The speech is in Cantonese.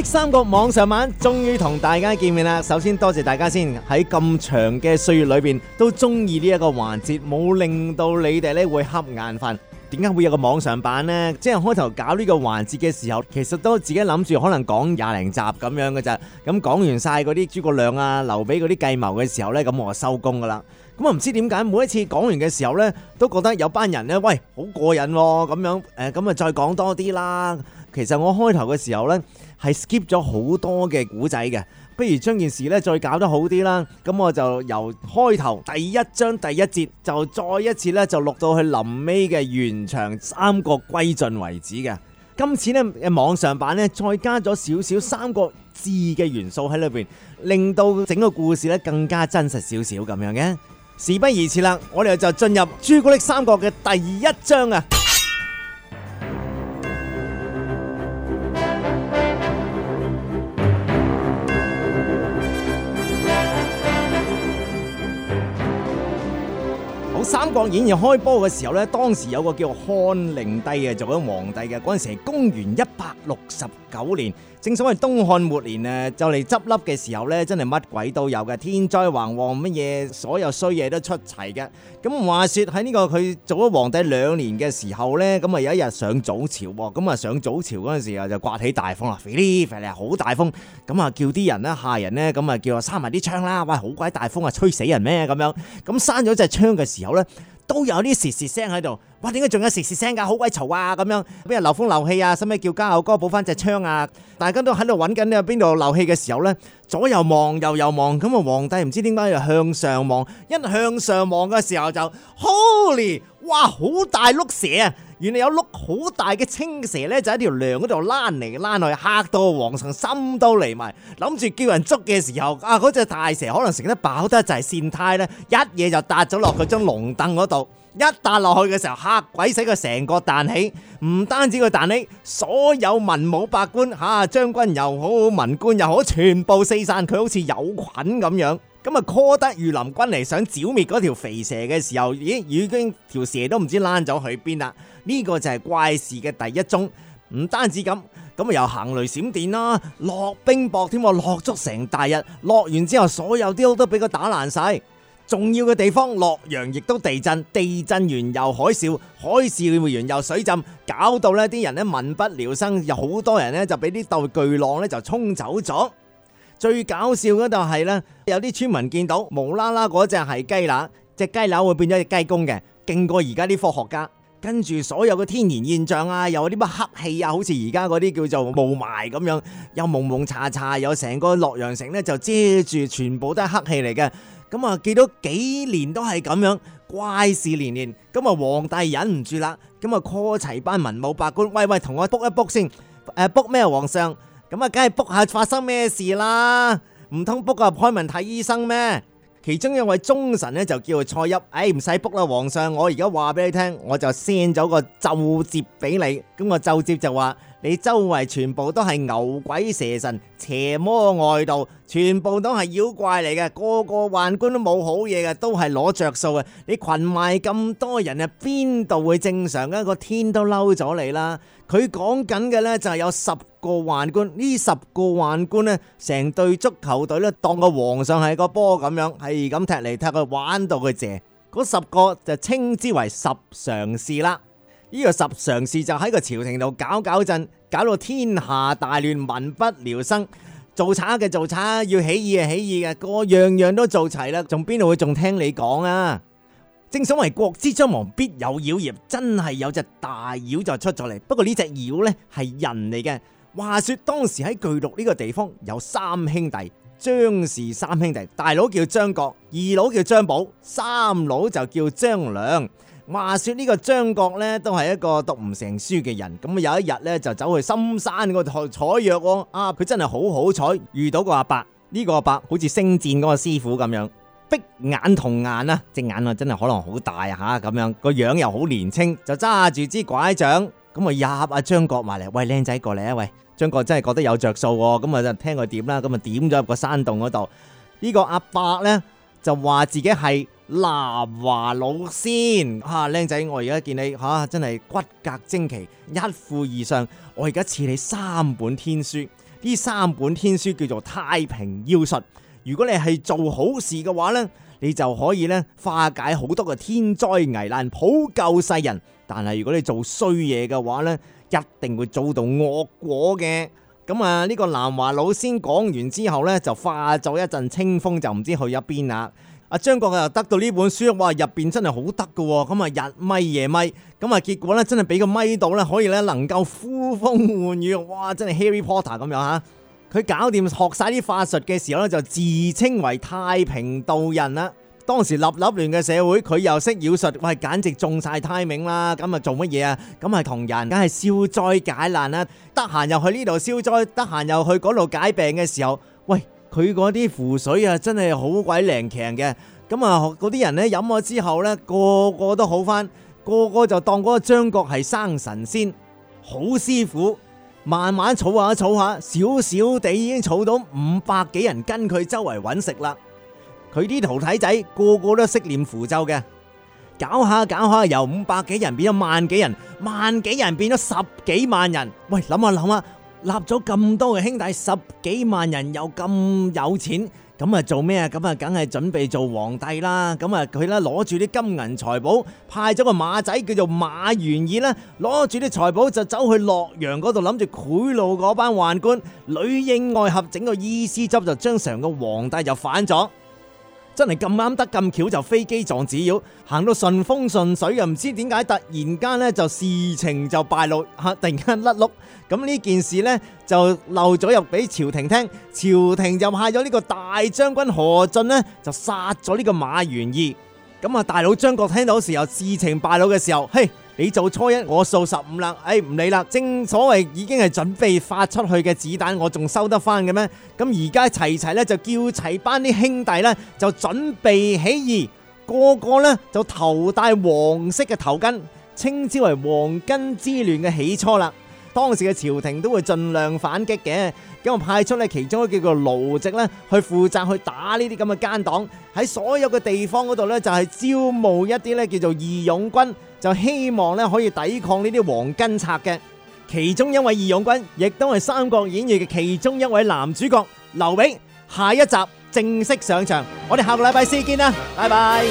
《三國》網上版終於同大家見面啦！首先多謝大家先喺咁長嘅歲月裏邊都中意呢一個環節，冇令到你哋呢會瞌眼瞓。點解會有個網上版呢？即係開頭搞呢個環節嘅時候，其實都自己諗住可能講廿零集咁樣嘅咋。咁講完晒嗰啲諸葛亮啊、劉備嗰啲計謀嘅時候呢，咁我就收工噶啦。咁啊唔知點解每一次講完嘅時候呢，都覺得有班人呢：「喂，好過癮咁樣誒，咁，呃，啊再講多啲啦。其實我開頭嘅時候呢。係 skip 咗好多嘅古仔嘅，不如將件事呢再搞得好啲啦。咁我就由開頭第一章第一節就再一次呢，就錄到去臨尾嘅原長三國歸晉為止嘅。今次呢，嘅網上版呢，再加咗少少三國志嘅元素喺裏邊，令到整個故事呢更加真實少少咁樣嘅。事不宜遲啦，我哋就進入朱古力三國嘅第一章啊！《三國演義》開播嘅時候呢，當時有個叫漢靈帝嘅做緊皇帝嘅，嗰陣時係公元一百六十九年。正所謂東漢末年啊，就嚟執笠嘅時候呢，真係乜鬼都有嘅，天災橫禍乜嘢，所有衰嘢都出齊嘅。咁話說喺呢個佢做咗皇帝兩年嘅時候呢，咁啊有一日上早朝，咁啊上早朝嗰陣時候就颳起大風啦，飛好大風，咁啊叫啲人呢，下人呢，咁啊叫我閂埋啲窗啦，喂，好鬼大風啊，吹死人咩咁樣？咁閂咗隻窗嘅時候呢。都有啲時時聲喺度，哇！點解仲有時時聲㗎？好鬼嘈啊！咁樣咩流漏風流氣啊？使咩叫家下哥補翻隻窗啊？大家都喺度揾緊呢邊度漏氣嘅時候咧，左右望右右望，咁啊皇帝唔知點解又向上望，一向上望嘅時候就 Holy！哇，好大碌蛇啊！原來有碌好大嘅青蛇咧，就喺條梁嗰度躝嚟躝去，吓到皇上心都離埋，諗住叫人捉嘅時候啊，嗰隻大蛇可能食得飽得就係善胎咧，一嘢就笪咗落去張龍凳嗰度，一笪落去嘅時候吓鬼死佢成個彈起，唔單止佢彈起，所有文武百官吓、啊、將軍又好，文官又好，全部四散，佢好似有菌咁樣。咁啊，call 得御林軍嚟想剿滅嗰條肥蛇嘅時候，咦，已經條蛇都唔知躝咗去邊啦！呢個就係怪事嘅第一宗。唔單止咁，咁啊又行雷閃電啦，落冰雹添，落足成大日。落完之後，所有啲屋都俾佢打爛晒。重要嘅地方洛陽亦都地震，地震完又海嘯，海嘯完又水浸，搞到呢啲人呢，民不聊生，有好多人呢，就俾啲道巨浪呢，就沖走咗。最搞笑嘅就係咧，有啲村民見到無啦啦嗰隻係雞乸，隻雞乸會變咗隻雞公嘅，勁過而家啲科學家。跟住所有嘅天然現象啊，又有啲乜黑氣啊，好似而家嗰啲叫做霧霾咁樣，又蒙蒙查查，有成個洛陽城咧就遮住，全部都係黑氣嚟嘅。咁啊，幾到幾年都係咁樣，怪事連連。咁啊，皇帝忍唔住啦，咁啊 call 齊班文武百官，喂喂，同我卜一卜先。誒 b 咩，皇上？咁啊，梗係卜下發生咩事啦？唔通卜個開文睇醫生咩？其中一位忠臣咧，就叫做蔡邕，哎，唔使卜啦，皇上，我而家話俾你聽，我就先走咗個奏折俾你，咁個奏折就話。你周圍全部都係牛鬼蛇神、邪魔外道，全部都係妖怪嚟嘅，個個宦官都冇好嘢嘅，都係攞着數嘅。你群埋咁多人啊，邊度會正常？個天都嬲咗你啦！佢講緊嘅呢，就係有十個宦官，呢十個宦官呢，成隊足球隊呢當個皇上係個波咁樣，係咁踢嚟踢去玩到佢謝。嗰十個就稱之為十常侍啦。呢、這個十常侍就喺個朝廷度搞搞震，搞到天下大亂、民不聊生。做賊嘅做賊，要起義嘅起義嘅，個樣樣都做齊啦，仲邊度會仲聽你講啊？正所謂國之將亡，必有妖孽，真係有隻大妖就出咗嚟。不過呢隻妖呢，係人嚟嘅。話說當時喺巨鹿呢個地方有三兄弟，張氏三兄弟，大佬叫張角，二佬叫張寶，三佬就叫張梁。話說呢個張國呢，都係一個讀唔成書嘅人，咁有一日呢，就走去深山嗰度採藥。啊，佢真係好好彩，遇到個阿伯。呢個阿伯好似星戰嗰個師傅咁樣，逼眼同眼，眼啊，隻眼啊真係可能好大啊吓，咁樣個樣又好年輕，就揸住支拐杖，咁啊入阿張國埋嚟。喂，靚仔過嚟啊！喂，張國真係覺得有着數喎，咁啊就聽佢點啦，咁啊點咗入個山洞嗰度。呢個阿伯呢，就話自己係。南華老仙、啊，吓，靚仔，我而家見你吓、啊，真係骨骼精奇，一副以上。我而家賜你三本天書，呢三本天書叫做太平要術。如果你係做好事嘅話呢，你就可以呢化解好多嘅天災危難，普救世人。但係如果你做衰嘢嘅話呢，一定會做到惡果嘅。咁啊，呢個南華老仙講完之後呢，就化咗一陣清風就不，就唔知去咗邊啦。阿張國啊，又得到呢本書，哇入邊真係好得噶，咁啊日咪夜咪，咁啊結果咧真係俾個咪到咧，可以咧能夠呼風喚雨，哇真係 Harry Potter 咁樣吓，佢搞掂學晒啲法術嘅時候咧，就自稱為太平道人啦。當時立立亂嘅社會，佢又識妖術，喂，簡直中晒 timing 啦。咁啊做乜嘢啊？咁啊同人，梗係消災解難啦。得閒又去呢度消災，得閒又去嗰度解病嘅時候，喂。佢嗰啲符水啊，真係好鬼靈強嘅。咁啊，嗰啲人呢，飲咗之後呢，個個都好返，個個就當嗰個張角係生神仙、好師傅。慢慢儲下儲下，少少地已經儲到五百幾人跟佢周圍揾食啦。佢啲徒弟仔個個都識念符咒嘅，搞下搞下，由五百幾人變咗萬幾人，萬幾人變咗十幾萬人。喂，諗下諗下。立咗咁多嘅兄弟，十幾萬人又咁有錢，咁啊做咩啊？咁啊，梗係準備做皇帝啦！咁啊，佢咧攞住啲金銀財寶，派咗個馬仔叫做馬元義啦，攞住啲財寶就走去洛陽嗰度，諗住賄賂嗰班宦官、女應外合，整個依斯汁就將成個皇帝就反咗。真係咁啱得咁巧就飛機撞紙鷂，行到順風順水又唔知點解突然間呢，就事情就敗露，嚇突然間甩碌。咁呢件事呢，就漏咗入俾朝廷聽，朝廷就派咗呢個大將軍何進呢，就殺咗呢個馬元義。咁啊，大佬張角聽到時候事情敗露嘅時候，嘿！你做初一，我數十五啦。哎，唔理啦。正所謂已經係準備發出去嘅子彈，我仲收得翻嘅咩？咁而家齊齊咧就叫齊班啲兄弟咧，就準備起義，個個咧就頭戴黃色嘅頭巾，稱之為黃巾之亂嘅起初啦。當時嘅朝廷都會盡量反擊嘅，咁我派出咧其中一個叫做盧植咧去負責去打呢啲咁嘅奸黨，喺所有嘅地方嗰度咧就係招募一啲咧叫做義勇軍。就希望咧可以抵抗呢啲黃巾賊嘅，其中一位義勇軍亦都係《三國演義》嘅其中一位男主角劉備，下一集正式上場，我哋下個禮拜四見啦，拜拜。